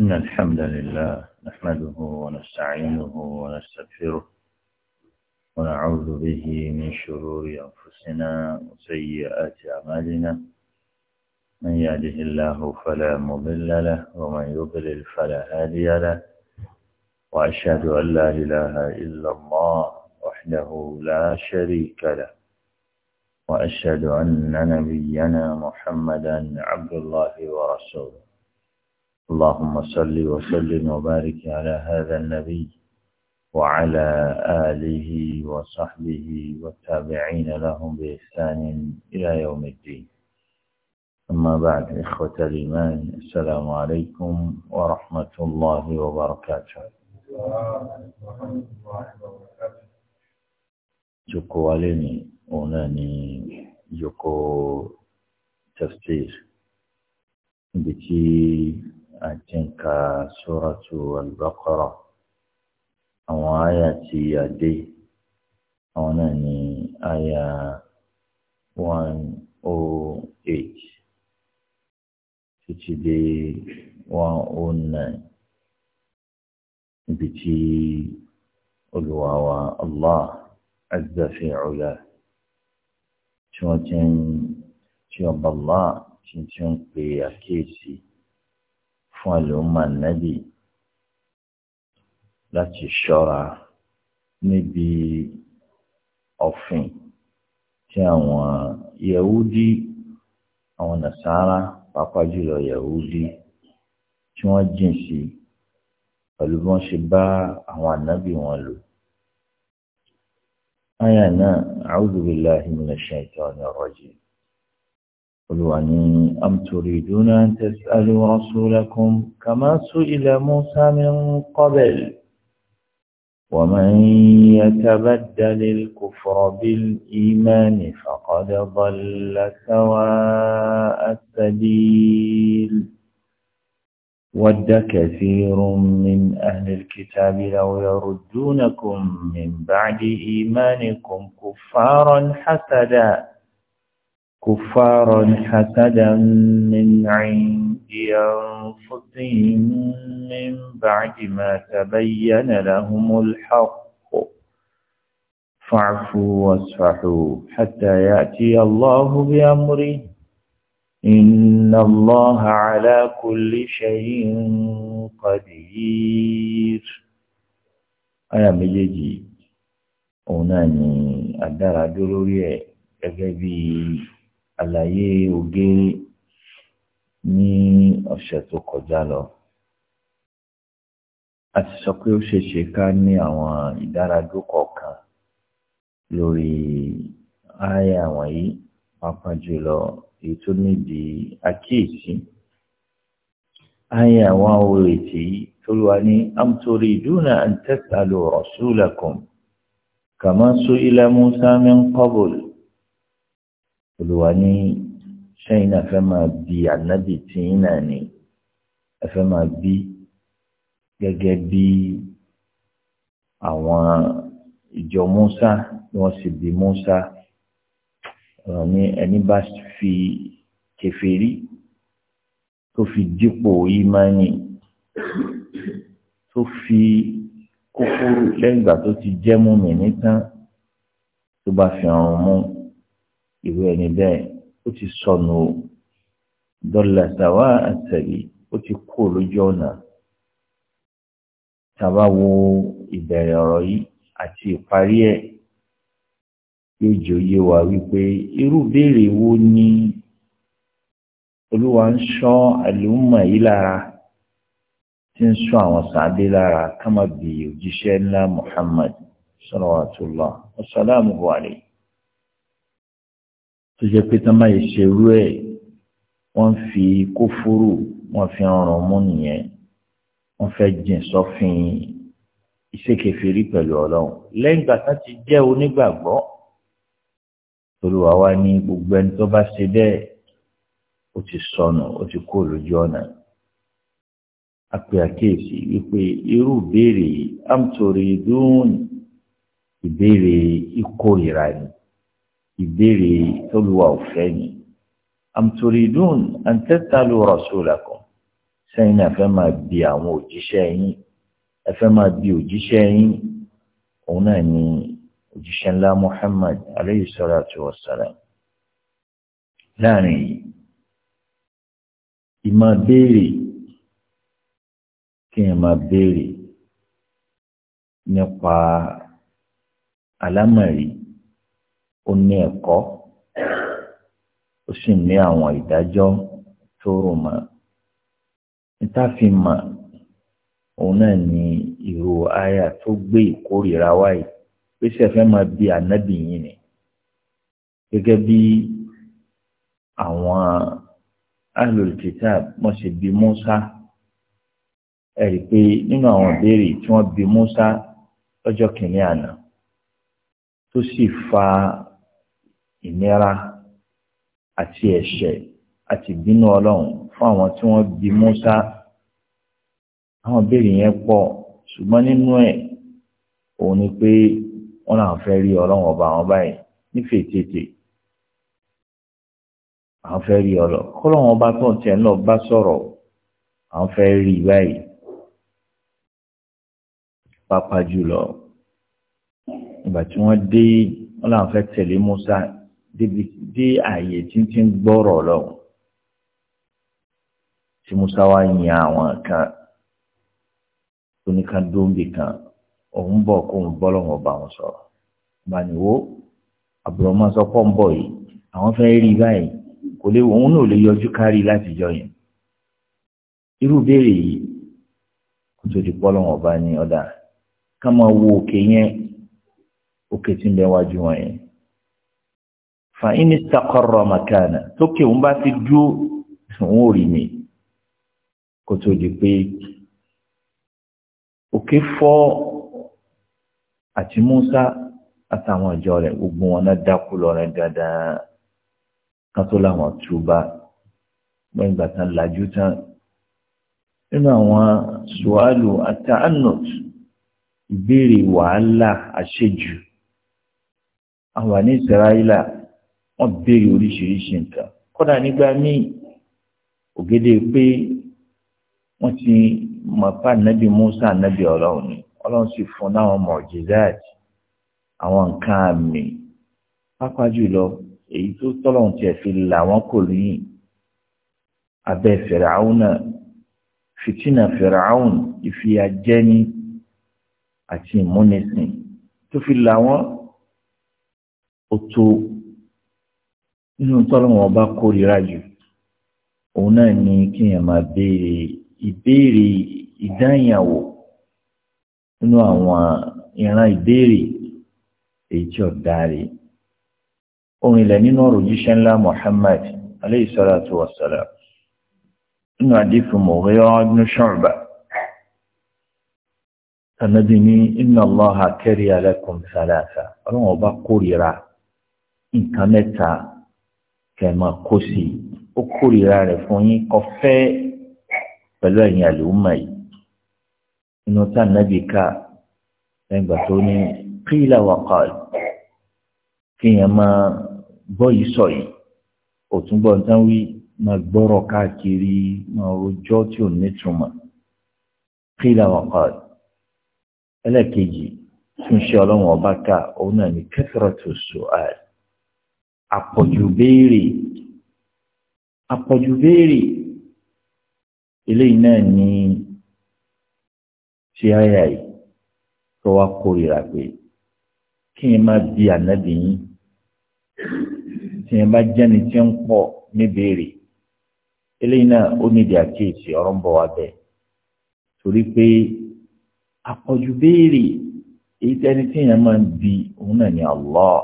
إن الحمد لله نحمده ونستعينه ونستغفره ونعوذ به من شرور أنفسنا وسيئات أعمالنا من يهده الله فلا مضل له ومن يضلل فلا هادي له وأشهد أن لا إله إلا الله وحده لا شريك له وأشهد أن نبينا محمدا عبد الله ورسوله اللهم صل وسلم وبارك على هذا النبي وعلى آله وصحبه والتابعين لهم بإحسان إلى يوم الدين أما بعد إخوة الإيمان السلام عليكم ورحمة الله وبركاته joko alẹ́ ni òun náà tafsir àjẹǹkà suratu al-Baqara àwọn àyà tí a dé àwọn náà ní àyà one oh eight títí dé one oh nine ibi tí olùwà Allah azza fi tí wọ́n ti ń tí ọba Allah ti ń pè àkíyèsí fún àlùmọ́ ànábì láti ṣọ́ra níbi ọ̀fìn tí àwọn yahudi àwọn nasara pàápàá jùlọ yahudi tí wọ́n jìn sí pẹ̀lú bí wọ́n ṣe bá àwọn ànábì wọn lò. Aya náà, a'udhu billahi minash shaitani rrajim. olùwà ní أم تريدون أن تسألوا رسولكم كما سئل موسى من قبل ومن يتبدل الكفر بالإيمان فقد ضل سواء السبيل ود كثير من أهل الكتاب لو يردونكم من بعد إيمانكم كفارا حسدا كفارا حسدا من عند أنفسهم من بعد ما تبين لهم الحق فاعفوا واصفحوا حتى يأتي الله بأمره إن الله على كل شيء قدير آية مجيجي أوناني أدار أدروري أجابي àlàyé ògiri ní ọ̀sẹ̀ tó kọjá lọ. A ti sọ pé ó ṣeéṣe ká ní àwọn ìdáradó kọ̀ọ̀kan lórí ààyè àwọn yìí pàápàá jùlọ èyí tó nídi àkíyèsí. Ààyè àwọn òrètí tó wà ní àmtórí ìdúnà an tasalu rasulakum kama su'ila Musa min qabl olùwà ní sẹ́yìn náà fẹ́ máa bi ànábì tìyín náà ni ẹ fẹ́ máa bi gẹ́gẹ́ bí àwọn ìjọ Musa ni wọ́n sì bi Musa ní ẹni bá fi kèfèrí tó fi dípò ìmánì tó fi kókó lẹ́yìn tó ti jẹ́ mú mi nítán tó bá fi ọ̀run mú ìwé ẹni bẹ́ẹ̀ ó ti sọnù dọ́là tàwa àtẹ̀lé ó ti kú lójú ọ̀nà tàbá wo ìbẹ̀rẹ̀ ọ̀rọ̀ yìí àti ìparí ẹ̀ yóò jòyè wá wípé irú béèrè wo ni olúwa ń ṣọ́ àlùmọ̀ yìí lára tí ń ṣọ́ àwọn sàádé lára kámábì òjíṣẹ́ ńlá Muhammad salawatullah wa salamuhu alayhi tó jẹ́ pé tán báyìí ṣerú ẹ̀ wọ́n fi kófóró wọ́n fi ọrùn mú nìyẹn wọ́n fẹ́ jìn sọ́fin ìṣèkèfèrí pẹ̀lú ọlọ́run lẹ́yìn ìgbà tán ti jẹ́ onígbàgbọ́ olùwà ní gbogbo ẹni tó bá ṣe bẹ́ẹ̀ ó ti sọnù ó ti kó lójú ọ̀nà a wípé irú ìbéèrè amtori dùn ìbéèrè ìkórìíra ni ìbéèrè tólúwa òfẹ́ ni àmùtòrídùn àǹtẹ́tàlù rasulakum sẹ́yìn náà fẹ́ máa bi àwọn òjíṣẹ́ yín ẹ fẹ́ máa bi òjíṣẹ́ yín òun náà ni òjíṣẹ́ ńlá Muhammad aleyhi salatu wa salam láàrin yìí ìmọ̀ béèrè kí n máa béèrè nípa àlámọ̀rí ó ní ẹ̀kọ́ ó sì ní àwọn ìdájọ́ tó rò mọ́ nítàfi òun náà ní ìró àyà tó gbé ìkórìíra wáyé bi ànábì yìí ni gẹ́gẹ́ bí àwọn wọ́n ṣe bi Musa ẹ̀rí pé nínú àwọn ìbéèrè tí wọ́n bi Musa lọ́jọ́ kìnínní àná tó sì fa ìnira àti ẹ̀ṣẹ̀ àti ìbínú ọlọ́run fún àwọn tí wọ́n bí Musa àwọn béèrè yẹn pọ̀ ṣùgbọ́n nínú ẹ̀ òun ni pé wọ́n náà fẹ́ rí ọlọ́run ọba àwọn báyìí nífẹ̀ẹ́ tètè àwọn fẹ́ rí ọlọ kọ́lọ́run ọba tó ń tẹ̀ náà bá sọ̀rọ̀ àwọn fẹ́ rí báyìí pàápàá jùlọ ìgbà tí wọ́n dé wọ́n náà fẹ́ tẹ̀lé Musa débi dé ààyè tí ń ti ń gbọ́rọ̀ lọ́wọ́ tí musa wá yan àwọn kan oníkan dóńbì kan òun bọ̀ kó ń bọ́ lọ́wọ́ bá wọn sọ̀rọ̀ bániwó àbúrọ̀mọ́ sọ́kọ́ ń bọ̀ yìí àwọn fẹ́ rí báyìí kò lè òun náà lè yọjú kárí látijọ́ yẹn irú béèrè yìí kò tó di pọ́ lọ́wọ́ bá ní ọ̀dà ká máa wo òkè yẹn òkè tí ń bẹ wájú wọn yẹn fàyín ní sàkọrọ màkàna tókè òun bá ti dúró òun ò rí mi kó tó di pé òkè fọ́ àti Musa àtàwọn ìjọ rẹ̀ gbogbo wọn náà dákú lọ rẹ dáadáa kan tó túbà wọn ìgbà tán làjú tán nínú àwọn sùwálù àtàánùt ìbéèrè wàhálà àṣejù àwọn ní Israẹla wọ́n béèrè oríṣiríṣi nǹkan kódà nígbà míì ògede pé wọ́n ti mọ̀ pa nàbì Musa nàbì ọlọ́run ni ọlọ́run sì fún náwọn mọ̀jìdáàtì àwọn nǹkan àmì pápá jùlọ èyí tó tọ́lọ́run tiẹ̀ fi là wọ́n kò lóyìn abẹ́ fẹ̀ràúnà fìtínà fẹ̀ràún ìfìyàjẹni àti ìmúnisìn tó fi là wọ́n ó tó nínú tọ́lọ́wọ́n ọba kórìíra jù òun náà ni kéèyàn máa béèrè ìbéèrè ìdáyàwó nínú àwọn ìran ìbéèrè èyí tí ọ̀dà rẹ̀ ohun ilẹ̀ nínú ọ̀rọ̀ jíṣẹ́ ńlá Muhammad alayhi salatu wa salam nínú àdífù Mughira ibn Shu'ba tànàbí ní inna Allaha kariha lakum thalatha ọlọ́wọ́n ọba kórìíra nǹkan kẹmọ kó sí i ó kórìíra rẹ̀ fún yín kọfẹ́ pẹ̀lú ẹ̀yin àlùmọ yìí inú tá nàbì ká ẹgbà tó ní kílà wàkà kéèyàn máa gbọ́ yìí sọ yìí òtún gbọ́ nǹkan wí máa gbọ́rọ̀ káàkiri máa rojọ́ tí ò nítumọ̀ kílà wàkà ẹlẹ́ẹ̀kejì túnṣe ọlọ́run ọba ká òun náà ní kẹfẹ́rọ̀ tó so àpọ̀jù béèrè àpọ̀jù eléyìí náà ní ṣe àyà yìí tó wá pé kí n má bi ànábì yín tí n bá jẹ́ni tí ń pọ̀ níbèrè eléyìí náà ó nídìí àkíyèsí ọ̀rọ̀ ń bọ̀ wá bẹ́ẹ̀ torí pé àpọ̀jù béèrè èyí tẹ́ni tí èèyàn bi òun náà ní Allah.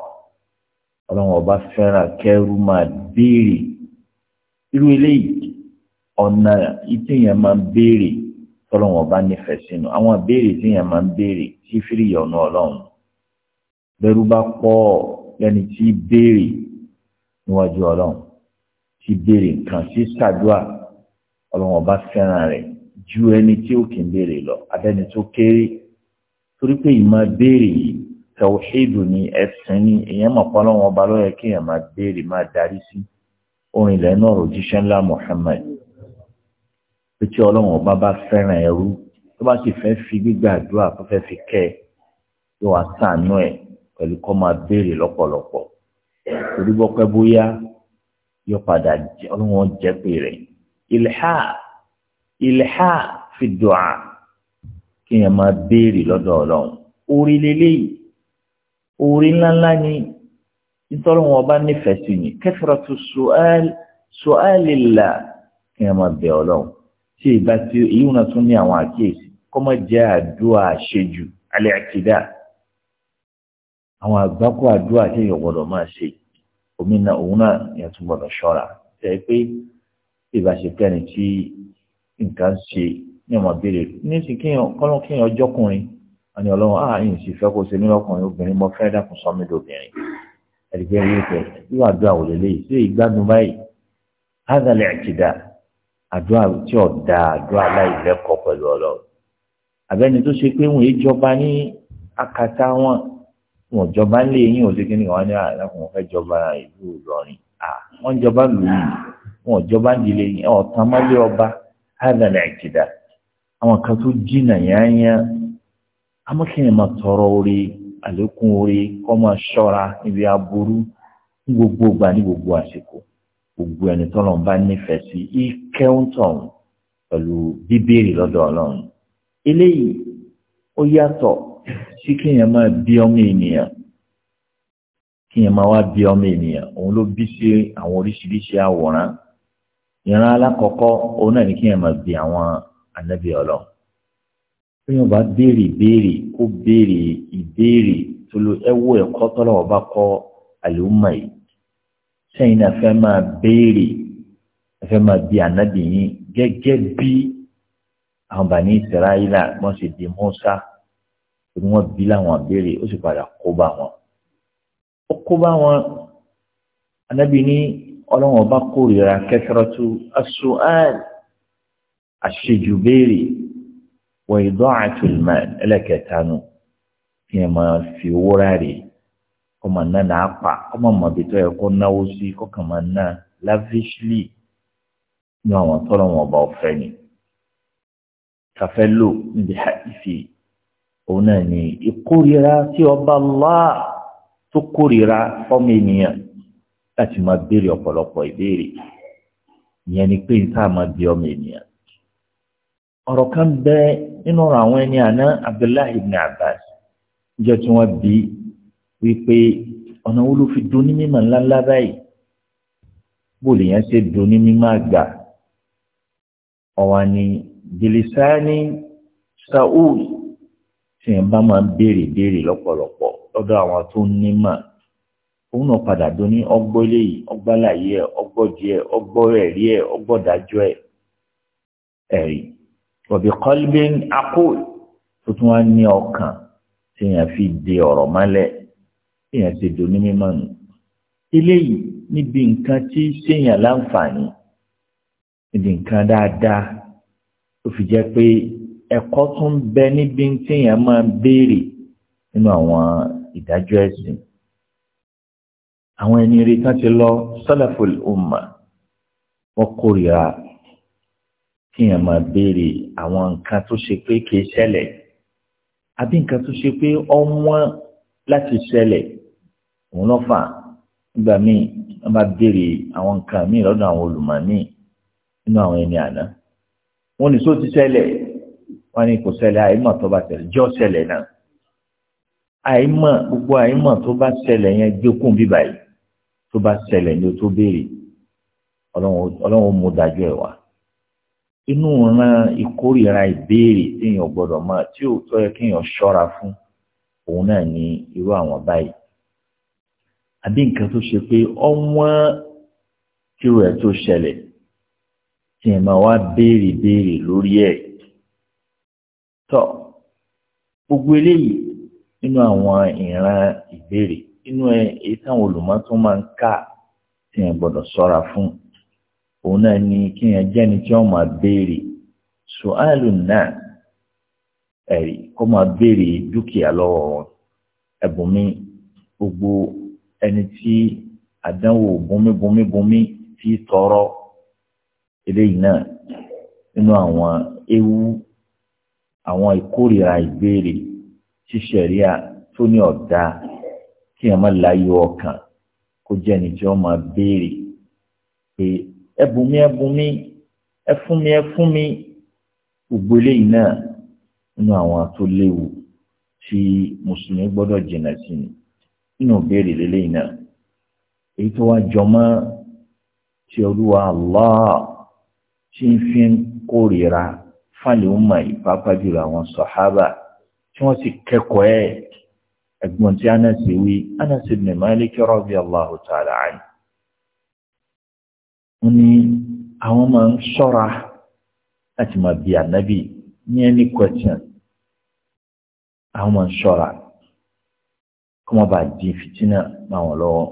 ọlọ́run ọba fẹ́ràn kẹ́rù máa béèrè irú eléyìí ọ̀nà ìtìyàn máa ń béèrè tọ́lọ́run ọba nífẹ̀ẹ́ sínú àwọn béèrè ìtìyàn máa ń béèrè tí fírí ọ̀nà ọlọ́run bẹ́rù bá pọ̀ lẹ́ni tí béèrè níwájú ọlọ́run tí béèrè nǹkan sí sàdúà ọlọ́run ọba fẹ́ràn rẹ̀ ju ẹni tí ó kì í béèrè lọ abẹ́ni tó kéré torí pé ìmọ̀ béèrè yìí tẹ̀wọ̀ṣẹ́dù ni ẹ̀sìn ni èèyàn mọ̀ pọ́n lọ́wọ́ ọba lọ́yẹ kí èèyàn máa béèrè máa darí sí orin ilẹ̀ náà ròjíṣẹ́ ńlá Muhammad pé tí ọlọ́run ọba bá fẹ́ràn ẹrú tó bá sì fẹ́ fi gbígbàdúrà tó fẹ́ fi kẹ́ ẹ yóò wá sàánú ẹ pẹ̀lú kọ́ máa béèrè lọ́pọ̀lọpọ̀ torí bọ́pẹ́ bóyá yóò padà ọlọ́run jẹ́ pé rẹ̀ ilha ilha fi dùà kí èèyàn máa béèrè lọ́dọ̀ ọlọ́run orí lélẹ́yìí orí ńláńlá ni nítorí wọn bá nífẹ̀ẹ́ sí ni kathratu su'al su'alillah kí ẹ máa bẹ ọlọ́run tí ìgbà tí èyí wọn tún ní àwọn àkíyèsí kọ́ máa jẹ́ àdúrà àṣejù alẹ́ àkìdá àwọn àgbákò àdúrà tí èèyàn gbọdọ̀ máa ṣe omi náà òun náà yẹn tún gbọdọ̀ ṣọ́ra tẹ́ pé ìbáṣepẹ́ ni tí nǹkan ṣe ní ọmọ béèrè ní ti kíyàn ọjọ́kùnrin wọn ni ọlọ́run ah yìí sì fẹ́ kó ṣe mí lọ́kùnrin obìnrin mo fẹ́ dàkún sọ mí lóbìnrin ẹ̀dìgbẹ́ yìí fẹ́ yíwà dùn àwòlé léyìí sí ìgbádùn báyìí hádàlẹ̀ àtìdá àdúrà tí ò da àdúrà láì lẹ́kọ̀ọ́ pẹ̀lú ọlọ́run àbẹ́ni tó ṣe pé wọn ìjọba ní akata wọn wọn jọba ń lé yín òsèké ní wọn ní àdàkùn fẹ́ jọba ìlú Ìlọrin wọn jọba lù yìí wọn jọba ń yín ọ̀tàn mọ́lẹ́ ọba hádàlẹ̀ àtìdá àwọn kan tó jìnnà yányán àmọ́ kí ni mà tọrọ orí àlékún orí kọ́ máa ṣọ́ra níbi aburú ní gbogbo ìgbà ní gbogbo àsìkò gbogbo ẹni tọ́lọ̀ ń bá nífẹ̀ẹ́ sí í kẹ́ńtọ̀n pẹ̀lú bíbéèrè lọ́dọ̀ ọlọ́run eléyìí ó yàtọ̀ sí kéèyàn máa bí ọmọ ènìyàn kéèyàn máa wá bí ọmọ ènìyàn òun ló bí sí àwọn oríṣiríṣi àwòrán ìran alákọ̀ọ́kọ́ òun náà ni kéèyàn máa bí àwọn ànábì fíyàn bá béèrè béèrè kó béèrè ìbéèrè tó lo ẹwọ ẹ̀kọ́ tọrọ ọba kọ àlùmọ yìí sẹ́yìn náà fẹ́ máa béèrè fẹ́ máa bi ànábì yín gẹ́gẹ́ bí àwọn bàní ìsirayílà wọ́n sì di mọ́sá torí wọ́n bí láwọn béèrè ó sì padà kó bá wọn. ó kó bá wọn ànábì ní ọlọ́wọ́n ọba kórìíra kẹsàrọ́tù aṣọ àṣejù béèrè. wọ ìdọ́ àti ìmọ̀ ẹlẹ́kẹta nù kí ẹ máa fi owó ráre kó máa ná náà pa kó máa mọ̀ bí tó yẹ náwó sí kàn máa ná lavishly ní àwọn tọ́lọ̀ wọn ọba ọ̀fẹ́ ni kàfẹ́ lò níbi àìsí òun náà ni ìkórira tí ọba Allah tó kórira fọ́mọ ènìyàn láti máa béèrè ọ̀pọ̀lọpọ̀ ni pé máa bí ọ̀rọ̀ kan bẹ nínú ọ̀rọ̀ àwọn ẹni àná abdullahi ibn abbas ìjọ tí wọ́n bí wípé ọ̀nà ló fi dun ní mímọ̀ ńláńlá báyìí bó lè yẹn ṣe dun ní mímọ̀ àgbà ni bilisani saul tí yẹn bá máa ń béèrè béèrè lọ́pọ̀lọpọ̀ lọ́dọ̀ àwọn tó ń nímọ̀ òun náà padà dun ní ọgbọ́ eléyìí ọgbọ́ wọ̀bí kọ́lbín akóòl tó tún wá ní ọkàn tí èèyàn fi de ọ̀rọ̀ mọ́lẹ̀ tí èèyàn ti dùn ní mímọ́ nù. eléyìí níbi nǹkan tí séèyàn láǹfààní níbi nǹkan dáadáa ó fi jẹ́ pé ẹ̀kọ́ tún bẹ níbi téèyàn máa béèrè nínú àwọn ìdájọ́ ẹ̀sìn. àwọn ẹni retán ti lọ sọ́làfọ̀lì ọmọ wọn kórìíra kí èèyàn máa béèrè àwọn nǹkan tó ṣe pé kì í ṣẹlẹ̀ àbí nǹkan tó ṣe pé ọ̀wọ́n láti ṣẹlẹ̀ òun ló fà nígbà míì wọ́n bá béèrè àwọn nǹkan míì lọ́dọ̀ àwọn olùmọ̀ọ́nì nínú àwọn ẹni àná wọ́n ní só ti ṣẹlẹ̀ wọ́n ní kò ṣẹlẹ̀ àìmọ̀ tó bá ṣẹlẹ̀ jọ́ ṣẹlẹ̀ náà àìmọ̀ gbogbo àìmọ̀ tó bá ṣẹlẹ̀ yẹn gbẹ́kùn bíbáyìí tó bá ṣẹlẹ̀ ni o tó béèrè ọlọ́run ó mú dájú ẹ̀ wá. inú ran ìkórìíra ìbéèrè téèyàn gbọdọ ma tí ó tọ́ yẹ kéèyàn ṣọ́ra fún òun náà ní irú àwọn báyìí àbí nǹkan tó ṣe pé ọwọ́n tírò ẹ̀ tó ṣẹlẹ̀ tí ẹ̀ máa wá béèrè lórí ẹ̀ gbogbo eléyìí nínú àwọn ìran ìbéèrè ẹ̀ èyí táwọn tó máa ń kà tí òun náà ni kí yẹn jẹ́ni tí wọ́n máa béèrè sùhálù náà ẹ̀rí kó máa béèrè dúkìá lọ́wọ́ wọn gbogbo ẹni tí àdánwò bùnmíbùnmíbùnmí ti tọrọ eléyìí náà nínú àwọn ewu àwọn ìkórìíra ìbéèrè ṣíṣẹ̀ríà tó ní kí ẹ má ọkàn kó jẹ́ tí wọ́n máa béèrè pé ẹbùnmi ẹbùnmi ẹfúnmi ẹfúnmi gbogbo eléyìí náà nínú àwọn tó léwu tí mùsùlùmí gbọ́dọ̀ jìnnà sí ni nínú ìbéèrè lélẹ́yìn náà èyí tó wá jọmọ́ tí olúwa Allah tí ń fi ń kórìíra fáliwò mà yìí pápá jùlọ àwọn sàhábà tí wọ́n ti kẹ́kọ̀ọ́ ẹ̀ ẹ̀gbọ́n tí Anas wí Anas ibn Malik radiyallahu ta'ala anhu wọ́n ní àwọn máa ń ṣọ́ra láti máa bi ànábì ní any question àwọn máa ń ṣọ́ra kó má bàa di fìtínà máa wọ́n lọ́wọ́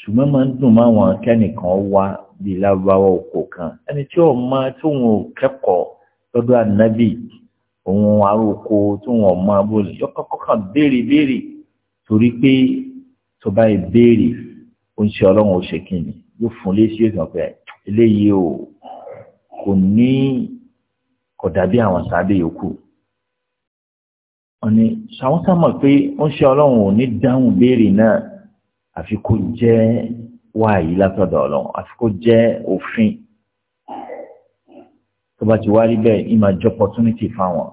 ṣùgbọ́n máa ń dùn máa wọn kẹ́nìkan wá bíi lárúbáwá oko kan ẹni tí ò máa tí òun ò kẹ́kọ̀ọ́ lọ́dọ̀ ànábì òun aróko tí wọn máa bó lè yọkọ̀kọ́ béèrè béèrè torí pé tó bá béèrè ó ń ṣe ọlọ́run ó ṣe kí ni yóò fún léṣe sọ pé eléyìí o kò ní kò dàbí àwọn sáadé yòókù wọn ni àwọn sáà mọ̀ pé ó ń ṣe ọlọ́run ò ní dáhùn béèrè náà àfi kó jẹ́ wáyé látọ̀dọ̀ ọlọ́run àfi kó jẹ́ òfin tó bá ti wá rí bẹ́ẹ̀ ìmọ̀ jẹ́ opportunity fáwọn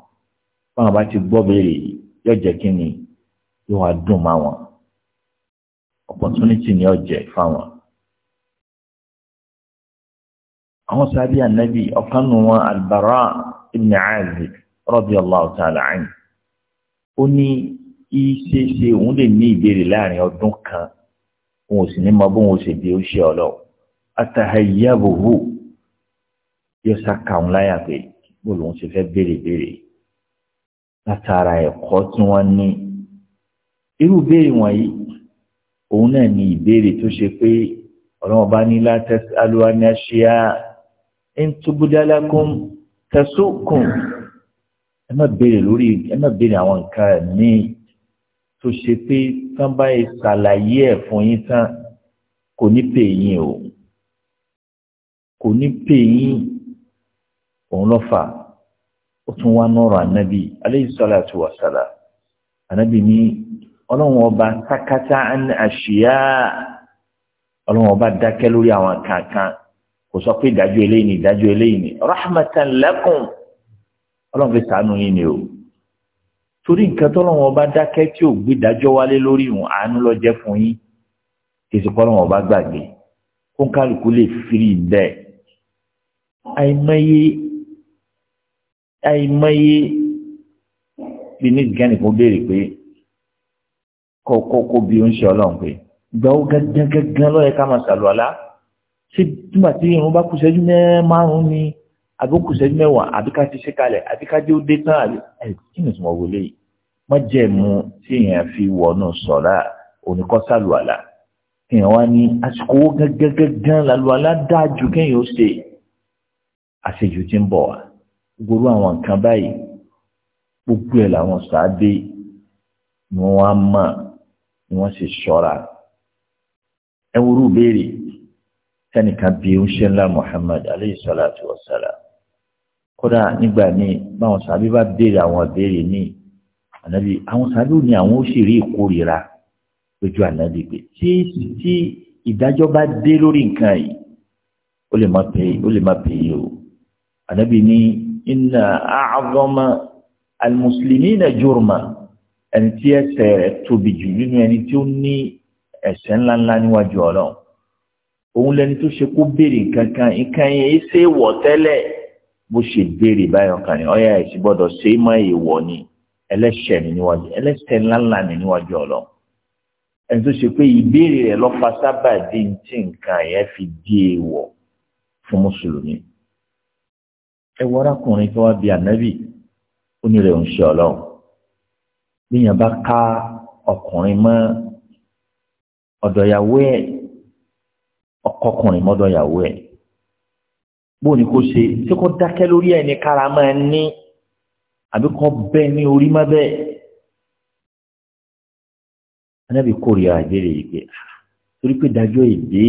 fáwọn bá ti gbọ́ béèrè yóò jẹ́ kí ni yóò wá dùn máa opportunity ni yóò jẹ́ fáwọn. àwọn sábẹ́ ànábì ọ̀kan nù wọn albara ibn azib radiyallahu ta'ala anhu ó ní ìṣeṣe òun lè ní ìbéèrè láàrin ọdún kan òun ò sì ní mọ bóun ò sì di ó ṣe ọlọ atahayyabuhu yóò sá kàún láyà pé bó lòun ṣe fẹ́ béèrè béèrè látara ẹ̀kọ́ tí wọ́n ní irú béèrè wọ̀nyí òun náà ní ìbéèrè tó ṣe pé ọlọ́mọba ní látẹ́sí alúwa ní aṣíá in tubudalakum tasukum ẹ má béèrè lórí ẹ má béèrè àwọn nǹkan míì tó ṣe pé tán bá yẹ ṣàlàyé ẹ̀ fún yín tán kò ní pè yín o kò ní pè yín òun lọ fà ó tún wá nọ̀rọ̀ ànábì alayhi salatu wa salam ànábì ní ọlọ́run ọba sákátá àṣìyá ọlọ́run ọba dákẹ́ lórí àwọn kankan kò sọ pé ìdájọ́ eléyìí ni ìdájọ́ eléyìí ni rahmatan lakum ọlọ́run fi sànú yín ni o torí nǹkan tọ́lọ́wọ́n bá dákẹ́ tí ò gbé ìdájọ́ wálé lórí ìwọ̀n àánú lọ jẹ́ fún yín kìsì kọ́lọ́wọ́n bá gbàgbé kó ń kálukú lè firi bẹ́ẹ̀ àìmọye àìmọye bí ní béèrè pé kọ́kọ́ kó bí ó ń ṣe ọlọ́run pé gbà gángan gángan lọ́yẹ máa ṣàlùwàlá ṣé nígbà tí irun bá kù ṣẹ́jú márùn-ún ni àbí kù ṣẹ́jú mẹ́wàá àbí ká ti ṣe kalẹ̀ àbí ká dé ó dé tán àbí ẹ̀ kí ni ìtumọ̀ wọlé yìí má jẹ́ mu tí èèyàn fi wọnú sọ̀rá oníkọ́sàlùwàlà èèyàn wá ní àsìkò owó gángan lálùwàlà dájú kéèyàn ó ṣe àṣejù tí ń bọ̀ wá gbogbo àwọn nǹkan báyìí gbogbo ẹ̀ làwọn sàádé ni wọ́n á mọ̀ ni wọ́n sì ṣọ́ra ẹ wúrú béèrè tẹnìkan bí ó ń ṣe ńlá Muhammad alayhi salatu wa salam kódà nígbà míì báwọn sàbí bá béèrè àwọn béèrè míì ànábì àwọn sàbí ò ní àwọn ó sì rí ìkórìíra lójú ànábì pé tí tí ìdájọ́ bá dé lórí nǹkan yìí ó lè má pè ó lè má pè yìí o ànábì ní inna a'zama al-muslimina jurma ẹni tí ẹ̀ṣẹ̀ tóbi jù nínú ẹni tí ó ní ẹ̀ṣẹ̀ ńláńlá níwájú Ọlọ́run. òun lẹni tó ṣe kó béèrè nǹkan nǹkan yẹn ṣe bó ṣe béèrè ọkàn ni ẹ̀sìn gbọ́dọ̀ ṣe é ni ẹlẹ́ṣẹ̀ ni níwájú ńláńlá níwájú ọ̀lọ́ ẹni tó ṣe pé ìbéèrè sábà di ti nǹkan yẹn fi di fún mùsùlùmí ẹ wọ arákùnrin tó wá bí ń ṣe ká ọkọkùnrin mọ́dọ̀ ìyàwó ẹ̀ bó ni kò ṣe ṣé kò dákẹ́ lórí ẹ̀ ní kára máa ní àbí kò bẹ́ẹ̀ ní orí má bẹ́ẹ̀ anábì kórìíra ìbéèrè yìí pé ah, torí pé dájọ́ èdè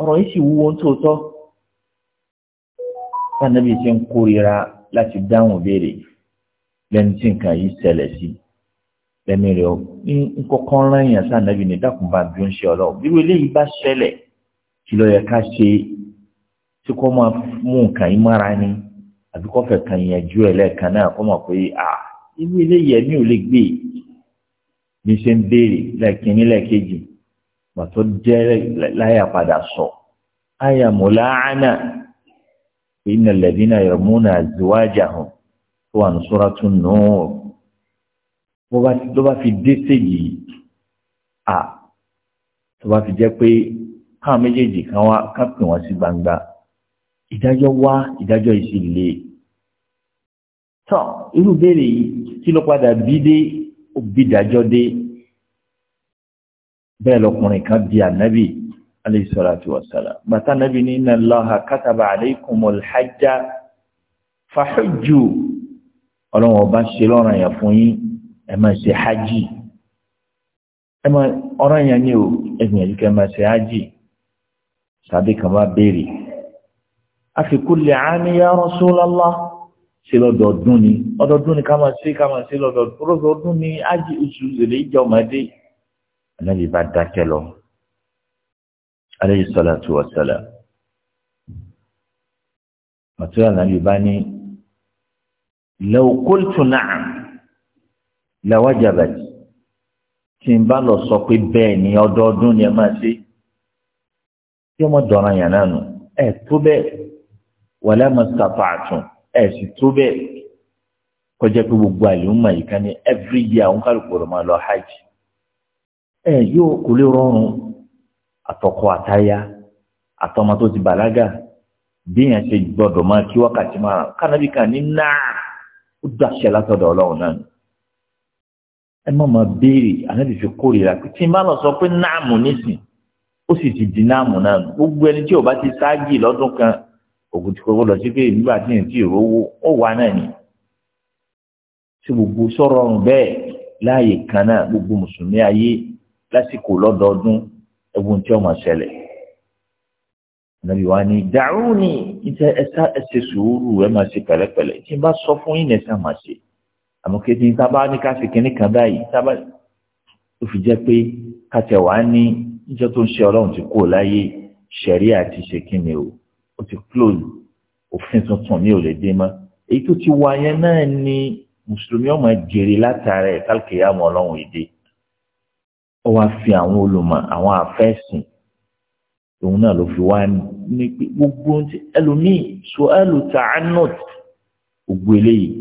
ọ̀rọ̀ yìí sì wúwo nítòótọ́ anábì ṣe ń kórìíra láti dáhùn béèrè lẹ́nu tí nǹkan yìí ṣẹlẹ̀ sí lẹ́mìí ń kọ́kọ́ rán èèyàn sáà ní dákùnbà bí ó ń ṣe ọlọ́ọ̀ bí wọ́n eléyìí bá ṣẹlẹ̀ kí ló yẹ ká ṣe tí kò máa mú nǹkan yín mára ni àbí kò fẹ́ kàn yànjú ẹ̀ lẹ́ẹ̀kan náà kò mọ̀ pé à irú eléyìí ẹ̀mí ò lè gbé bí ṣe ń béèrè lẹ́ẹ̀kínní lẹ́ẹ̀kejì pàtó jẹ́ láyà padà sọ àyà mùláánà inna alladhina yarmuna azwajahum tó wà ní Suratun Nur ló bá fi dé séjì à tó bá fi jẹ́ pé káwọn méjèèjì kan wá ká pè wọ́n sí gbangba ìdájọ́ wá ìdájọ́ ìsìlè tán irú béèrè yìí tí ló padà bí dé òbí dájọ́ dé bẹ́ẹ̀ lọkùnrin kan bí ànábì alayhi salatu wassalam bàtà ànábì ní inna Allaha kataba alaykumul hajja fahujju ọlọ́run ọba ṣe lọ́rùn àyàn fún yín ẹ máa ṣe hajj ẹ máa ọ̀rọ̀ yẹn ni o ẹ gbìyànjú kẹ́ máa ṣe hajj tàbí kan bá béèrè afi kulli aami ya Rasulallah ṣe lọ́dọọdún ni ọdọọdún ni ká máa ṣe ká máa ṣe lọ́dọọdún ni ájì oṣù zèlè ìjà ọmọdé ànábì bá dákẹ́ lọ alayhi salatu wa salam màtúrà ànábì bá ní law qultu tí n bá lọ sọ pé bẹ́ẹ̀ ni ọdọọdún ni ẹ máa ṣe. tí ọmọ dọ̀ràn yàn náà nù ẹ̀ tó bẹ́ẹ̀ wàlẹ́ mọ́tàpá àtún ẹ sì tó bẹ́ẹ̀ kọjá pé gbogbo àlùmọ̀ yìí kan ní every year àwọn máa lọ hajj ẹ yóò kò lè rọrùn àtọkọ àtaya àtọmọ tó ti bàlágà ṣe máa kí wákàtí máa kánábì kan ní fi kórìíra pé tí n lọ sọ pé náà nísìn ó sì ti di náàmù náà gbogbo ẹni tí ò bá ti ṣáájì lọ́dún kan ògùn ti kọ́kọ́ lọ sí pé nígbà tí n ti rówó ó wà náà ni tí gbogbo sọ̀rọ̀ ọ̀run bẹ́ẹ̀ láàyè kan náà gbogbo mùsùlùmí ayé lásìkò lọ́dọọdún ẹ̀wọ̀n tí ọmọ ṣẹlẹ̀ nàbí wa ni dàrú ni ìtẹ ẹsẹ ẹsẹ sùúrù ẹ máa ṣe pẹ̀lẹ́pẹ̀lẹ́ tí n bá sọ fún yín ẹsẹ máa ṣe àmọ́ kejì tá a bá ní ká fi kínní kan báyìí tá a bá ó fi jẹ pé kàtẹ wàá ní níjọ́ tó ń ṣe ọlọ́run ti kú láyé ṣẹ̀rí àti ṣe o ó ti close òfin tuntun mi ò lè dé mọ́ èyí tó ti wá yẹn náà ni mùsùlùmí ọmọ jèrè látara ẹ̀ kálkìyàmù ọlọ́run èdè ó wá fi àwọn olùmọ̀ àwọn àfẹ́sìn òun náà ló fi wá ní pé gbogbo ẹlòmíì sọ ẹlò ta anot gbogbo eléyìí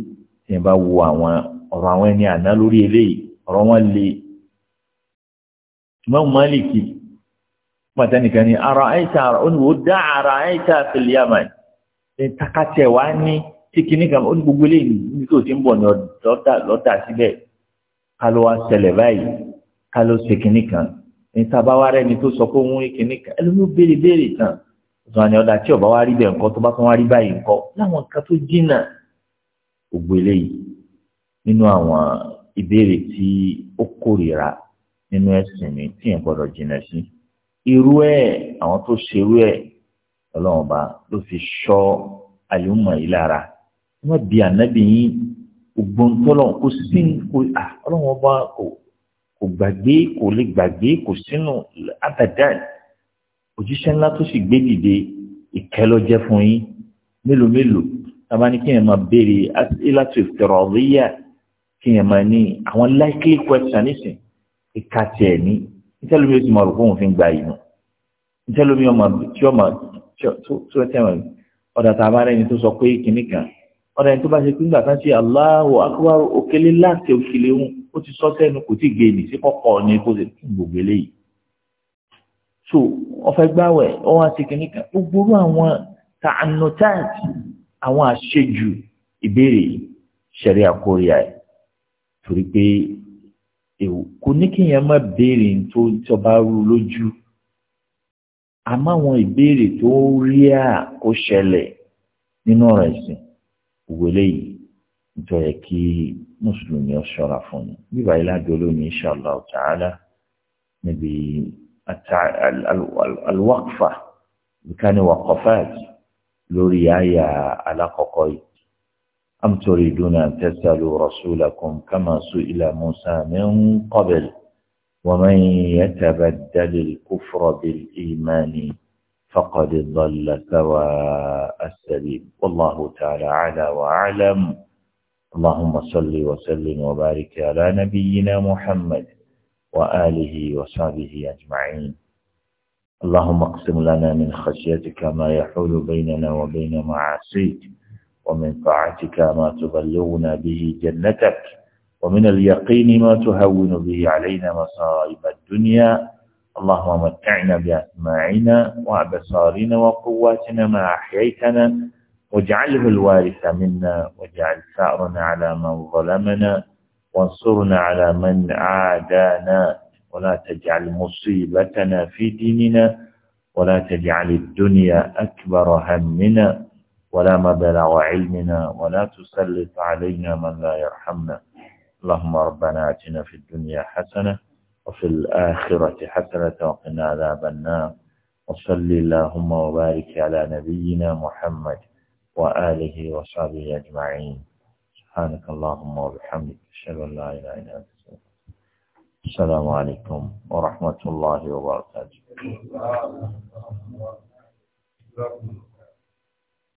tí ẹ bá wo àwọn ọ̀rọ̀ àwọn ẹni àná lórí eléyìí ọ̀rọ̀ wọn le Imam Maliki pàtẹ́nìkan ni ara ẹ̀ta oníwò dá ara ẹ̀ta fìlíàmà ní takatẹ̀ wá ní kíkiní kan oní gbogbo lè ní tó ti ń bọ̀ ní ọ̀dọ́ta lọ́tà síbẹ̀ ká ló wá ṣẹlẹ̀ báyìí ká ló ṣe kíní kan ní tabawa rẹ ni tó sọ pé òun kíní kan ẹlòmí ó béèrè béèrè tán ìtàn ni ọ̀dà tí ọ̀bá wá rí bẹ̀ nǹkan tó bá tún wá rí báyìí nǹkan láwọn nǹkan tó jìnnà gbogbo eléyìí nínú àwọn ìbéèrè tí ó kórìíra nínú ẹ̀sìn mi tí yẹn gbọ́dọ̀ jìnnà sí irú ẹ̀ àwọn tó ṣe irú ẹ̀ ọlọ́run ọba ló fi ṣọ́ àlùmọ̀ yìí lára wọ́n bí ànábì yín ògbóǹtọ́lọ̀ kò sí kò à ọlọ́run ọba kò kò gbàgbé kò lè gbàgbé kò sínú abadan òjíṣẹ́ ńlá tó sì gbé dìde ìkẹ́ fún yín mélòó mélòó tábà ní béèrè ilátò ìfẹ̀rọ̀ ọ̀rẹ́yà kí àwọn likely question nísìn ìka tiẹ̀ ní ìtẹ́lómi oṣù mọ̀ rògbò òun fi ń gba ìnù ìtẹ́lómi ọmọ tí ọmọ tí ó tẹ̀wọ̀n ọ̀dà tá a ni rẹni tó sọ pé kìnní kan ọ̀dà yẹn tó bá ṣe pé ńgbà kan ṣe Allahu akbar òkèlè láti òkèlè ń ó ti sọ sẹ́nu kò tí ì gbé nì sí kọ́kọ́ ni kó ṣe tún gbogbo eléyìí so ọfẹ gbáwẹ̀ ọwọ àti kìnní kan gbogbo àwọn tàànùtáàtì àwọn àṣejù ìbéèrè ṣẹlẹ̀ àkórí torí pé èwò kò ní kí yẹn má béèrè tó tọba rú lójú àmọ́ àwọn ìbéèrè tó rí à kó ṣẹlẹ̀ nínú ọ̀rọ̀ ẹ̀sìn òwe léyìí nítorí kí mùsùlùmí ọ ṣọ́ra fún mi bíbá ilé àjọlò ní inshallah ta'ala níbi alwakfa bíkání wakọfáàtì lórí àyà alákọ̀ọ́kọ́ yìí. أم تريدون أن تسألوا رسولكم كما سئل موسى من قبل ومن يتبدل الكفر بالإيمان فقد ضل سواء السبيل والله تعالى أعلى وأعلم اللهم صل وسلم وبارك على نبينا محمد وآله وصحبه أجمعين اللهم اقسم لنا من خشيتك ما يحول بيننا وبين معاصيك ومن طاعتك ما تبلغنا به جنتك ومن اليقين ما تهون به علينا مصائب الدنيا اللهم متعنا بأسماعنا وأبصارنا وقواتنا ما أحييتنا واجعله الوارث منا واجعل ثأرنا على من ظلمنا وانصرنا على من عادانا ولا تجعل مصيبتنا في ديننا ولا تجعل الدنيا أكبر همنا ولا مبلغ علمنا ولا تسلط علينا من لا يرحمنا اللهم ربنا اتنا في الدنيا حسنة وفي الآخرة حسنة وقنا عذاب النار وصل اللهم وبارك على نبينا محمد وآله وصحبه أجمعين سبحانك اللهم وبحمدك أشهد أن لا إله إلا أنت السلام عليكم ورحمة الله وبركاته